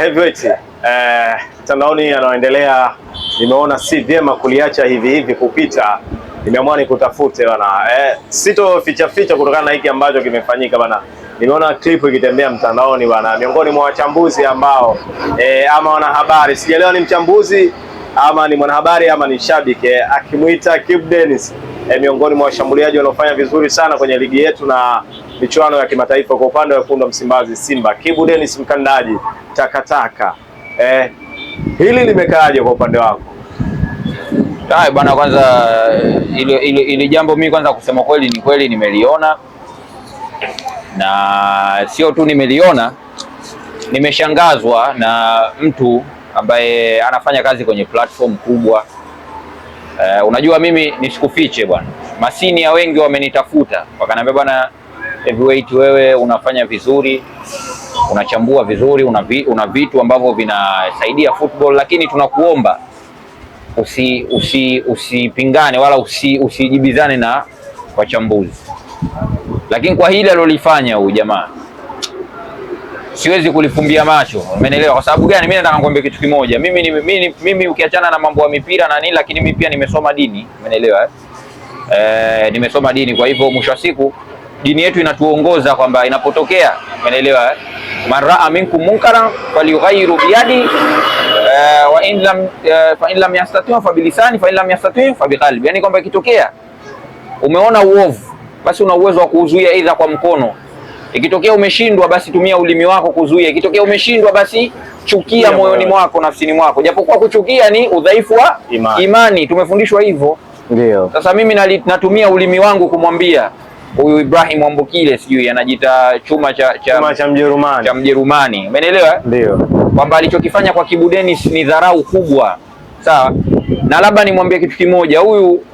Heavyweight eh, mtandaoni yanayoendelea, nimeona si vyema kuliacha hivi hivi kupita, nimeamua nikutafute bana eh, sito ficha ficha kutokana na hiki ambacho kimefanyika bana. Nimeona clip ikitembea mtandaoni bana, miongoni mwa wachambuzi ambao eh, ama wanahabari, sijaelewa ni mchambuzi ama ni mwanahabari ama ni shabiki eh, akimwita Kibu Dennis eh, miongoni mwa washambuliaji wanaofanya vizuri sana kwenye ligi yetu na michuano ya kimataifa kwa upande wa wekundu wa Msimbazi Simba, Kibu Dennis mkandaji takataka eh, hili limekaaje kwa upande wako? Hai ah, bwana, kwanza eh, ili jambo mimi kwanza kusema kweli ni kweli nimeliona, na sio tu nimeliona, nimeshangazwa na mtu ambaye anafanya kazi kwenye platform kubwa. Uh, unajua mimi nisikufiche bwana, masinia wengi wamenitafuta wakaniambia bwana Heavyweight wewe unafanya vizuri, unachambua vizuri, una, vi, una vitu ambavyo vinasaidia football, lakini tunakuomba usi usi usipingane wala usi usijibizane na wachambuzi. Lakini kwa hili alolifanya huyu jamaa siwezi kulifumbia macho, umeelewa? Kwa sababu gani? Mimi nataka nikwambie kitu kimoja, mimi, mimi, mimi ukiachana na mambo ya mipira na nini, lakini mimi pia nimesoma dini, umeelewa eh? E, nimesoma dini, kwa hivyo mwisho wa siku dini yetu inatuongoza kwamba inapotokea, umeelewa, eh? man raa minkum munkara falyughayyiru biyadi eh, wa in lam eh, fa in lam yastati fa bilisani fa in lam yastati fa biqalbi, yani kwamba ikitokea umeona uovu, basi una uwezo wa kuzuia aidha kwa mkono. Ikitokea umeshindwa, basi tumia ulimi wako kuzuia. Ikitokea umeshindwa, basi chukia moyoni mwako, nafsini mwako, japokuwa kuchukia ni udhaifu wa imani, imani. Tumefundishwa hivyo ndio. Sasa mimi natumia ulimi wangu kumwambia huyu Ibrahim Ambokile sijui anajita chuma cha cha, chuma cha Mjerumani cha Mjerumani, umeelewa? Eh? Ndio kwamba alichokifanya kwa Kibu Dennis ni dharau kubwa, sawa. Na labda nimwambie kitu kimoja huyu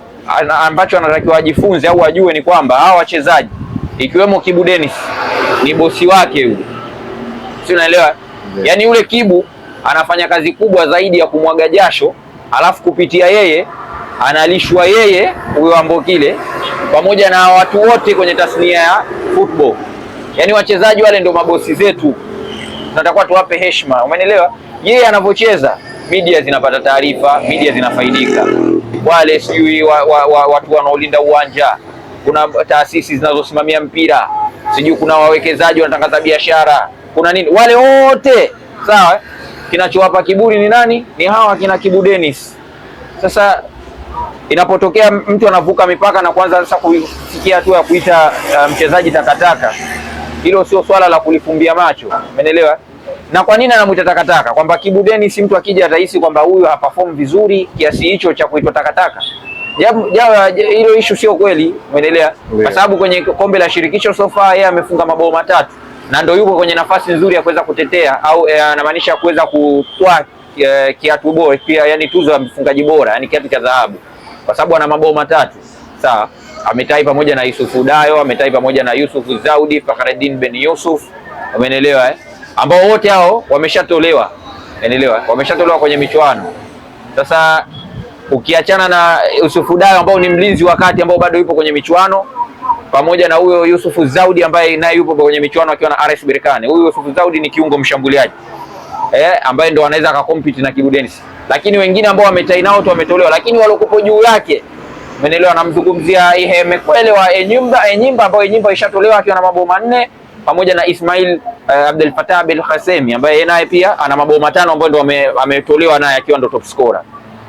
ambacho anatakiwa ajifunze au ajue ni kwamba hawa wachezaji ikiwemo Kibu Dennis ni bosi wake huyu, si unaelewa? Yaani yule Kibu anafanya kazi kubwa zaidi ya kumwaga jasho, alafu kupitia yeye analishwa yeye huyo Ambokile pamoja na watu wote kwenye tasnia ya football. Yaani wachezaji wale ndio mabosi zetu, tunatakiwa tuwape heshima, umenielewa? Yeye anavyocheza media zinapata taarifa, media zinafaidika, wale sijui wa, wa, wa, watu wanaolinda uwanja, kuna taasisi zinazosimamia mpira, sijui kuna wawekezaji wanatangaza biashara, kuna nini, wale wote sawa. Kinachowapa kiburi ni nani? Ni hawa kina Kibu Dennis. Sasa Inapotokea mtu anavuka mipaka na kuanza sasa kufikia hatua ya kuita uh, mchezaji takataka, hilo sio swala la kulifumbia macho, umeelewa? Na kwa nini anamuita takataka? Kwamba Kibu Denis mtu akija atahisi kwamba huyu haperform vizuri kiasi hicho cha kuitwa takataka. Japo hilo ishu sio kweli, umeelewa? Kwa sababu kwenye kombe la shirikisho sofa yeye amefunga mabao matatu na ndio yuko kwenye nafasi nzuri ya kuweza kutetea au eh, anamaanisha kuweza kutwaa eh, kiatu bora pia, yani tuzo ya mfungaji bora, yani kiatu cha dhahabu kwa sababu ana mabao matatu sawa. Ametai pamoja na Yusuf Dayo, ametai pamoja na yusuf Zaudi, Fakhreddin Ben Yusuf, umeelewa eh? ambao wote hao wameshatolewa, umeelewa, eh? wameshatolewa kwenye michuano. Sasa ukiachana na Yusuf Dayo ambao ni mlinzi wa kati ambao bado yupo kwenye michuano pamoja na huyo Yusuf Zaudi ambaye naye yupo kwenye michuano akiwa na RS Berkane. Huyu Yusuf Zaudi ni kiungo mshambuliaji eh, ambaye ndo anaweza akakompiti na Kibu Denis lakini wengine ambao wametain out wametolewa, lakini walokupo juu yake umeelewa, namzungumzia Iheme Mekwele wa Enyimba, Enyimba ambao Enyimba ishatolewa akiwa na mabao manne pamoja na Ismail uh, Abdel Fattah Bel Khasemi ambaye naye pia ana mabao matano ambayo ndo ametolewa naye akiwa ndo top scorer.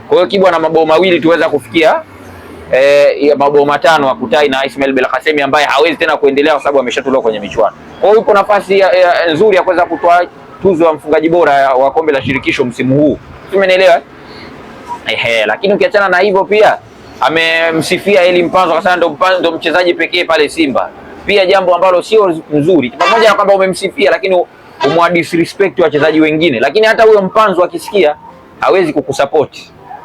Kwa hiyo Kibwa na mabao mawili tuweza kufikia eh, mabao matano akutai na Ismail Bel Khasemi ambaye hawezi tena kuendelea kwa sababu ameshatolewa kwenye michuano. Kwa hiyo yupo nafasi nzuri ya, ya, ya kuweza kutoa tuzo ya mfungaji bora wa kombe la shirikisho msimu huu. Umenielewa? Eh? Ehe, lakini ukiachana na hivyo pia amemsifia Eli Mpanzo kwa sababu ndo mchezaji pekee pale Simba, pia jambo ambalo sio nzuri, pamoja na kwamba umemsifia lakini umwa disrespect wachezaji wengine, lakini hata huyo Mpanzo akisikia hawezi kukusupport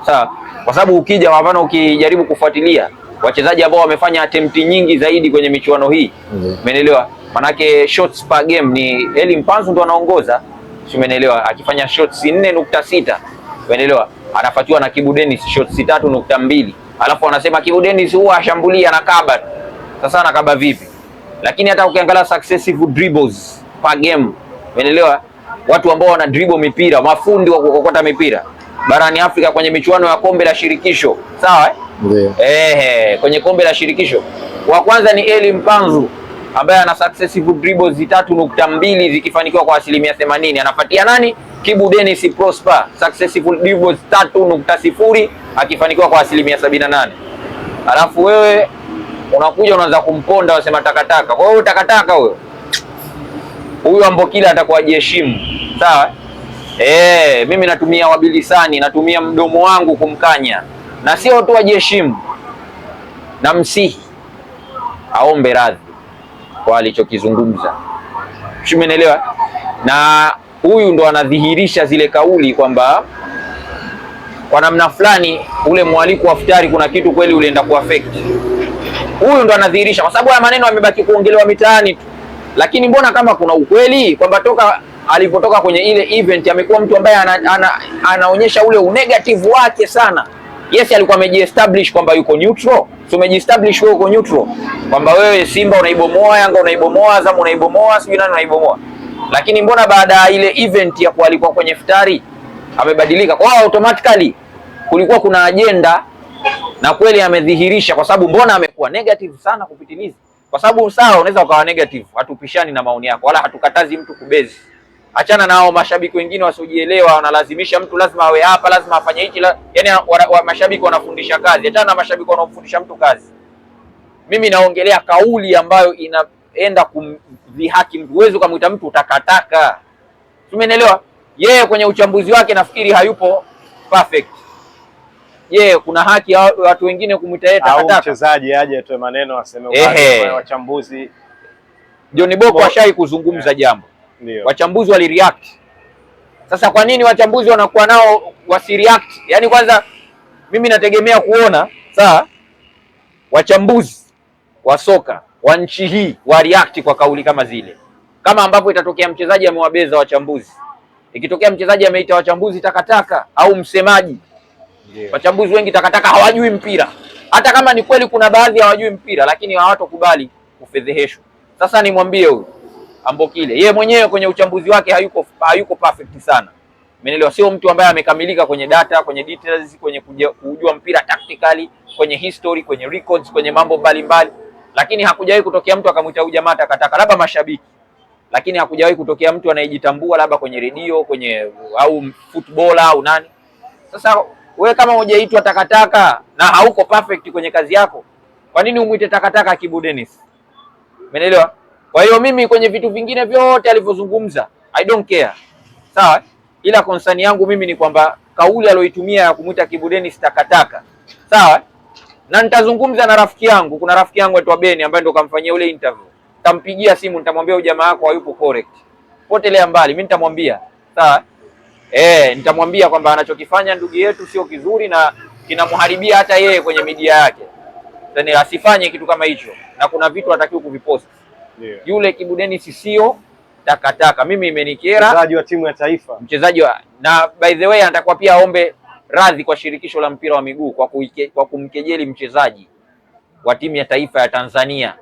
sawa, kwa sababu ukija mfano, ukijaribu kufuatilia wachezaji ambao wamefanya attempt nyingi zaidi kwenye michuano hii, mm-hmm. umeelewa? Manake shots per game ni Eli Mpanzo ndo anaongoza si Umeelewa? Akifanya shots 4.6, umeelewa? Anafuatiwa na Kibu Dennis shots 3.2. Alafu anasema Kibu Dennis huwa ashambulia na kaba. Sasa anakaba vipi? Lakini hata ukiangalia successive dribbles per game, umeelewa? Watu ambao wana dribble mipira, mafundi wa kukokota mipira barani Afrika kwenye michuano ya kombe la shirikisho, sawa eh? Ehe, kwenye kombe la shirikisho wa kwanza ni Eli Mpanzu ambaye ana successive dribbles zitatu nukta mbili zikifanikiwa kwa asilimia themanini. Anafuatia nani? Kibu Dennis Prosper successive dribbles tatu nukta sifuri akifanikiwa kwa asilimia sabini na nane. Alafu wewe unakuja unaanza kumponda wasema takataka. Kwa hiyo takataka huyo huyo ambo kila atakuwa ajiheshimu, sawa eh? Mimi natumia wabilisani, natumia mdomo wangu kumkanya, na sio tu ajiheshimu, namsihi aombe radhi kwa alichokizungumza, umeelewa? Na huyu ndo anadhihirisha zile kauli kwamba kwa namna fulani ule mwaliko wa futari kuna kitu kweli ulienda affect. Huyu ndo anadhihirisha, kwa sababu haya maneno yamebaki kuongelewa mitaani tu, lakini mbona kama kuna ukweli kwamba toka alipotoka kwenye ile event amekuwa mtu ambaye ana, ana, ana, anaonyesha ule unegative wake sana. Yes, alikuwa amejiestablish kwamba yuko neutral tumejiestablish wewe uko neutral kwamba wewe Simba unaibomoa Yanga unaibomoa Azam unaibomoa sijui nani unaibomoa, lakini mbona baada ya ile event ya kualikwa kwenye ftari amebadilika kwa automatically, kulikuwa kuna ajenda na kweli amedhihirisha, kwa sababu mbona amekuwa negative sana kupitiliza. Kwa sababu sawa, unaweza ukawa negative, hatupishani na maoni yako wala hatukatazi mtu kubezi Achana nao mashabiki wengine wasiojielewa, wanalazimisha mtu lazima awe hapa, lazima afanye hichi la... yani wa, wa, mashabiki wanafundisha kazi. Achana na mashabiki wanaofundisha mtu kazi. Mimi naongelea kauli ambayo inaenda kumdhihaki mtu. Huwezi ukamwita mtu utakataka, tumeelewa? Yeye kwenye uchambuzi wake nafikiri hayupo perfect. Yeye kuna haki watu wengine kumwita yeye takataka. Mchezaji aje atoe maneno aseme wachambuzi. John Boko ashai kuzungumza yeah, jambo Ndiyo. Wachambuzi wali react. Sasa kwa nini wachambuzi wanakuwa nao wasi react? Yaani kwanza mimi nategemea kuona saa wachambuzi wa soka wa nchi hii wa react kwa kauli kama zile, kama ambapo itatokea mchezaji amewabeza wachambuzi, ikitokea mchezaji ameita wachambuzi takataka au msemaji yeah. Wachambuzi wengi takataka, hawajui mpira. Hata kama ni kweli kuna baadhi hawajui mpira, lakini hawatokubali kufedheheshwa. Sasa nimwambie huyu Ambokile yeye mwenyewe kwenye uchambuzi wake hayuko hayuko perfect sana, umeelewa? Sio mtu ambaye amekamilika kwenye data, kwenye details, kwenye kujua mpira tactically, kwenye history, kwenye records, kwenye mambo mbalimbali, mbali. lakini hakujawahi kutokea mtu akamwita huyu jamaa takataka, labda mashabiki, lakini hakujawahi kutokea mtu anayejitambua labda kwenye redio, kwenye au footballer au nani. Sasa we kama hujaitwa takataka na hauko perfect kwenye kazi yako, kwa nini umwite takataka Kibu Dennis? Umeelewa? Kwa hiyo mimi kwenye vitu vingine vyote alivyozungumza I don't care. Sawa? Ila concern yangu mimi ni kwamba kauli aliyoitumia ya kumuita Kibu Denis takataka. Sawa? Na nitazungumza na rafiki yangu, kuna rafiki yangu aitwa Beni ambaye ndo kamfanyia ule interview. Nitampigia simu nitamwambia huyu jamaa wako hayupo correct. Potelea mbali, mimi nitamwambia. Sawa? Eh, nitamwambia kwamba anachokifanya ndugu yetu sio kizuri na kinamharibia hata yeye kwenye media yake. Yaani asifanye kitu kama hicho na kuna vitu hatakiwi kuviposti yeah. Yule Kibu Dennis sio takataka, mimi imenikera. Mchezaji wa timu ya taifa, mchezaji wa na by the way anatakuwa pia aombe radhi kwa shirikisho la mpira wa miguu kwa, kuike, kwa kumkejeli mchezaji wa timu ya taifa ya Tanzania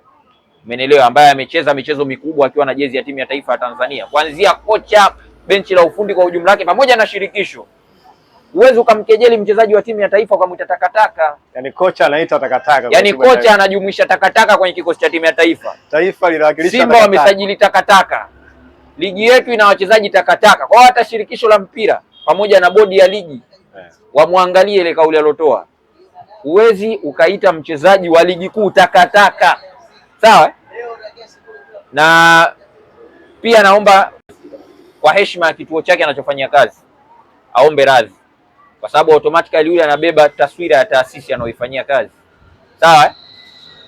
umeelewa, ambaye amecheza michezo mikubwa akiwa na jezi ya timu ya taifa ya Tanzania, kuanzia kocha, benchi la ufundi kwa ujumla wake, pamoja na shirikisho. Huwezi ukamkejeli mchezaji wa timu ya taifa ukamwita takataka. Yani kocha anaita takataka. yani kocha anajumuisha takataka kwenye kikosi cha timu ya taifa. Taifa linawakilisha Simba wamesajili takataka. Ligi yetu ina wachezaji takataka. Kwa hata shirikisho la mpira pamoja na bodi ya ligi yeah, wamwangalie ile kauli alotoa. Huwezi ukaita mchezaji wa ligi kuu takataka. Sawa? Na pia naomba kwa heshima ya kituo chake anachofanyia kazi aombe radhi kwa sababu automatically yule anabeba taswira ya taasisi anayoifanyia kazi. Sawa, eh?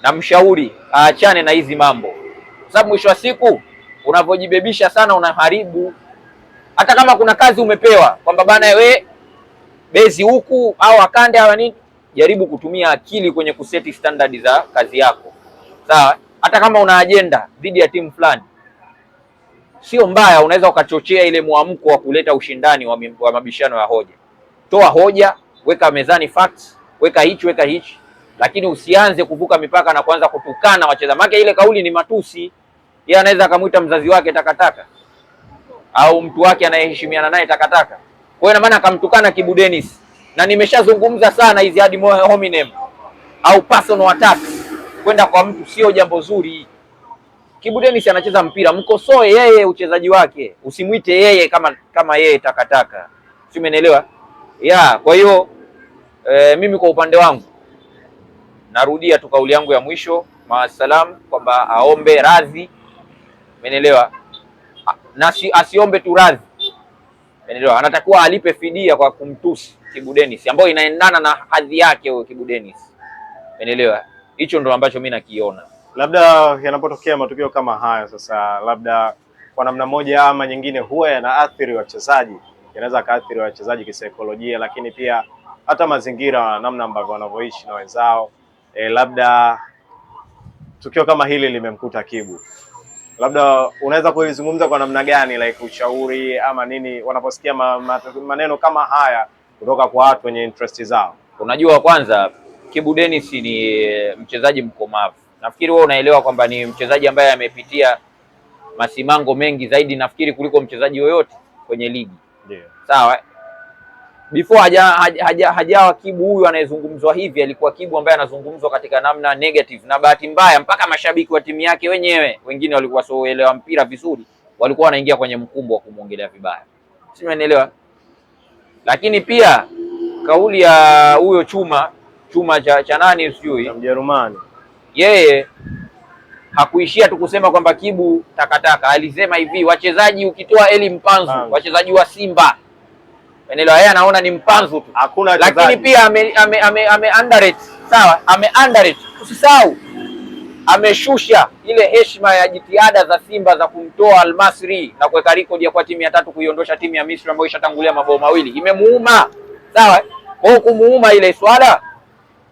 namshauri aachane na hizi mambo, kwa sababu mwisho wa siku unavyojibebisha sana unaharibu. Hata kama kuna kazi umepewa kwamba bana, we bezi huku au akande au nini, jaribu kutumia akili kwenye kuseti standard za kazi yako. Sawa, eh? hata kama una ajenda dhidi ya timu fulani sio mbaya, unaweza ukachochea ile mwamko wa kuleta ushindani wa mabishano ya hoja toa hoja, weka mezani facts, weka hichi, weka hichi, lakini usianze kuvuka mipaka na kuanza kutukana wacheza. Maana ile kauli ni matusi. Yeye anaweza akamwita mzazi wake takataka au mtu wake anayeheshimiana naye takataka. Kwa hiyo maana akamtukana Kibu Dennis, na nimeshazungumza sana hizi hadi hominem au personal attack kwenda kwa mtu sio jambo zuri. Kibu Dennis anacheza mpira, mkosoe yeye uchezaji wake, usimwite yeye kama kama yeye takataka, si umeelewa? ya kwa hiyo e, mimi kwa upande wangu narudia tu kauli yangu ya mwisho maasalam, kwamba aombe radhi, umeelewa? Na si, asiombe tu radhi, umeelewa? Anatakiwa alipe fidia kwa kumtusi Kibu Denis, ambayo inaendana na hadhi yake huyo Kibu Denis, umeelewa? Hicho ndo ambacho mimi nakiona, labda yanapotokea matukio kama haya sasa, labda kwa namna moja ama nyingine, huwa yanaathiri wachezaji inaweza kaathiri wachezaji kisaikolojia, lakini pia hata mazingira, namna ambavyo wanavyoishi na wenzao. E, labda tukio kama hili limemkuta Kibu, labda unaweza kulizungumza kwa namna gani, like ushauri ama nini, wanaposikia ma, ma, maneno kama haya kutoka kwa watu wenye interest zao? Unajua, kwanza Kibu Dennis ni eh, mchezaji mkomavu. Nafikiri wewe unaelewa kwamba ni mchezaji ambaye amepitia masimango mengi zaidi nafikiri kuliko mchezaji yoyote kwenye ligi. Ndio. Sawa. Eh? Before hajawa haja, haja, haja kibu huyu anayezungumzwa hivi alikuwa kibu ambaye anazungumzwa katika namna negative, na bahati mbaya mpaka mashabiki wa timu yake wenyewe wengine walikuwa sioelewa mpira vizuri, walikuwa wanaingia kwenye mkumbo wa kumwongelea vibaya, si umeelewa? Lakini pia kauli ya huyo chuma chuma cha, cha nani sijui Mjerumani, yeye hakuishia tu kusema kwamba Kibu takataka, alisema hivi, wachezaji ukitoa Eli Mpanzu, wachezaji wa Simba Enelewa, yeye anaona ni mpanzu tu, hakuna lakini pia ame, ame, ame, ame underrate sawa, ame underrate, usisahau ameshusha ile heshima ya jitihada za Simba za kumtoa Almasri na kuweka rekodi ya kuwa timu ya tatu kuiondosha timu ya Misri ambayo ishatangulia mabao mawili, imemuuma sawa. Kwa hiyo kumuuma ile swala,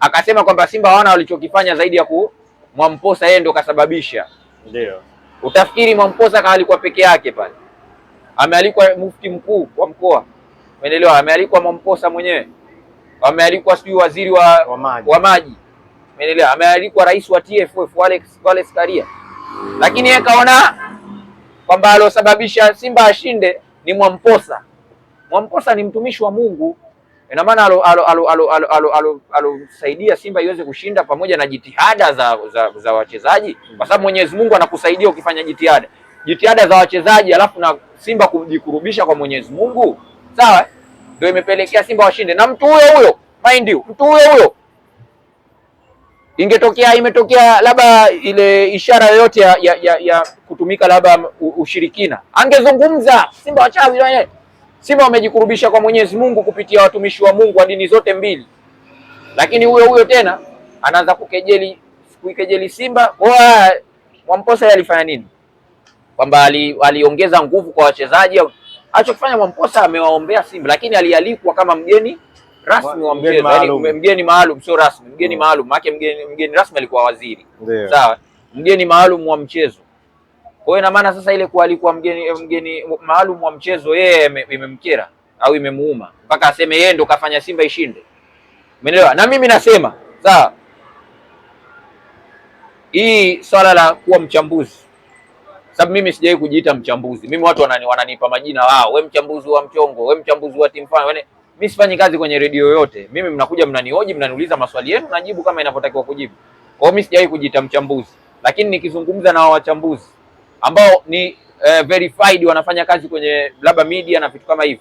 akasema kwamba Simba wana walichokifanya zaidi ya ku Mwamposa yeye ndo kasababisha. Ndio. Utafikiri Mwamposa kaalikuwa peke yake pale? Amealikwa mufti mkuu wa mkoa, umeelewa? Amealikwa Mwamposa mwenyewe, amealikwa sijui waziri wa, wa maji, umeelewa? Amealikwa rais wa TFF Alex Wallace Karia, lakini yeye kaona kwamba alosababisha Simba ashinde ni Mwamposa. Mwamposa ni mtumishi wa Mungu. Ina eh, maana alosaidia Simba iweze kushinda pamoja na jitihada za, za, za wachezaji, hmm. kwa sababu Mwenyezi Mungu anakusaidia ukifanya jitihada jitihada za wachezaji, alafu na Simba kujikurubisha kwa Mwenyezi Mungu, sawa, eh? ndio imepelekea Simba washinde na mtu huyo huyo, mind you, mtu huyo huyo. Ingetokea imetokea labda ile ishara yoyote ya, ya, ya, ya kutumika labda ushirikina, angezungumza Simba wachawi wenyewe Simba wamejikurubisha kwa Mwenyezi Mungu kupitia watumishi wa Mungu wa dini zote mbili, lakini huyo huyo tena anaanza kukejeli kuikejeli Simba. Mwamposa yeye alifanya nini? Kwamba aliongeza ali nguvu kwa wachezaji. Alichokifanya Mwamposa amewaombea Simba, lakini alialikwa kama mgeni rasmi wa mchezo, mgeni maalum, sio rasmi, mgeni mm. maalum. Maana mgeni, mgeni rasmi alikuwa waziri, sawa, mgeni maalum wa mchezo. Kwa hiyo ina maana sasa ile kuwa alikuwa mgeni mgeni maalum wa mchezo yeye imemkera au imemuuma mpaka aseme yeye ndo kafanya Simba ishinde. Umeelewa? Na mimi nasema sawa, hii swala la kuwa mchambuzi, sababu mimi sijawahi kujiita mchambuzi. Mimi watu wanani, wananipa majina wao, we mchambuzi wa mchongo, we mchambuzi wa timu fulani. Yaani, mimi sifanyi kazi kwenye redio yoyote. Mimi mnakuja mnanihoji, mnaniuliza maswali yenu, najibu kama inavyotakiwa kujibu. Kwa hiyo mimi sijawahi kujiita mchambuzi, lakini nikizungumza na wachambuzi ambao ni uh, verified wanafanya kazi kwenye labda media na vitu kama hivi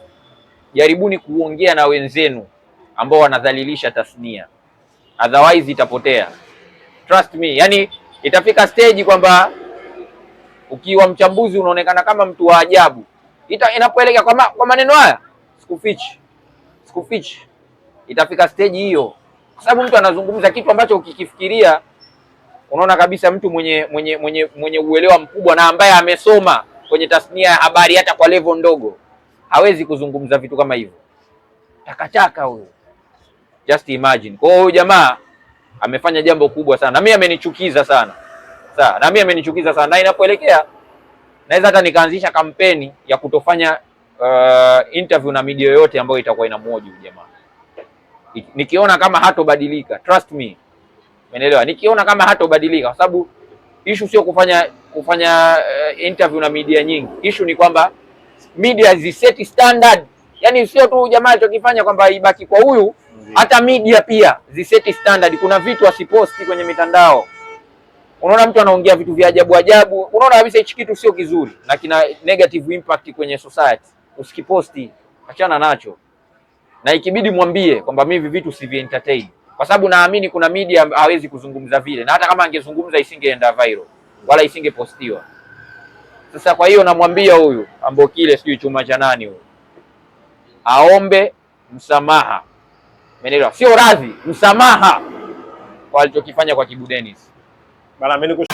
jaribuni kuongea na wenzenu ambao wanadhalilisha tasnia, otherwise itapotea. Trust me, yani itafika stage kwamba ukiwa mchambuzi unaonekana kama mtu wa ajabu ita inapoelekea kwa, ma, kwa maneno haya sikufichi, sikufichi, itafika stage hiyo, kwa sababu mtu anazungumza kitu ambacho ukikifikiria unaona kabisa mtu mwenye mwenye mwenye mwenye uelewa mkubwa na ambaye amesoma kwenye tasnia ya habari hata kwa level ndogo hawezi kuzungumza vitu kama hivyo. Takataka huyo, just imagine. Kwa hiyo huyu jamaa amefanya jambo kubwa sana, na mimi amenichukiza sana sawa, na mimi amenichukiza sana, na inapoelekea naweza hata nikaanzisha kampeni ya kutofanya uh, interview na media yoyote ambayo itakuwa inamhoji huyu jamaa, nikiona kama hatobadilika, trust me Umeelewa? Nikiona kama hatobadilika kwa sababu issue sio kufanya kufanya uh, interview na media nyingi. Issue ni kwamba media ziseti standard. Yaani sio tu jamaa alichokifanya kwamba ibaki kwa huyu, hata media pia ziseti standard. Kuna vitu asiposti kwenye mitandao. Unaona mtu anaongea vitu vya ajabu ajabu, unaona kabisa hichi kitu sio kizuri na kina negative impact kwenye society. Usikiposti, achana nacho, na ikibidi mwambie kwamba mimi hivi vitu sivi entertain kwa sababu naamini kuna media hawezi kuzungumza vile, na hata kama angezungumza isingeenda viral wala isingepostiwa. Sasa kwa hiyo namwambia huyu Ambokile, sijui chuma cha nani huyu, aombe msamaha, umeelewa? Sio radhi, msamaha kwa alichokifanya kwa Kibu Denis bana.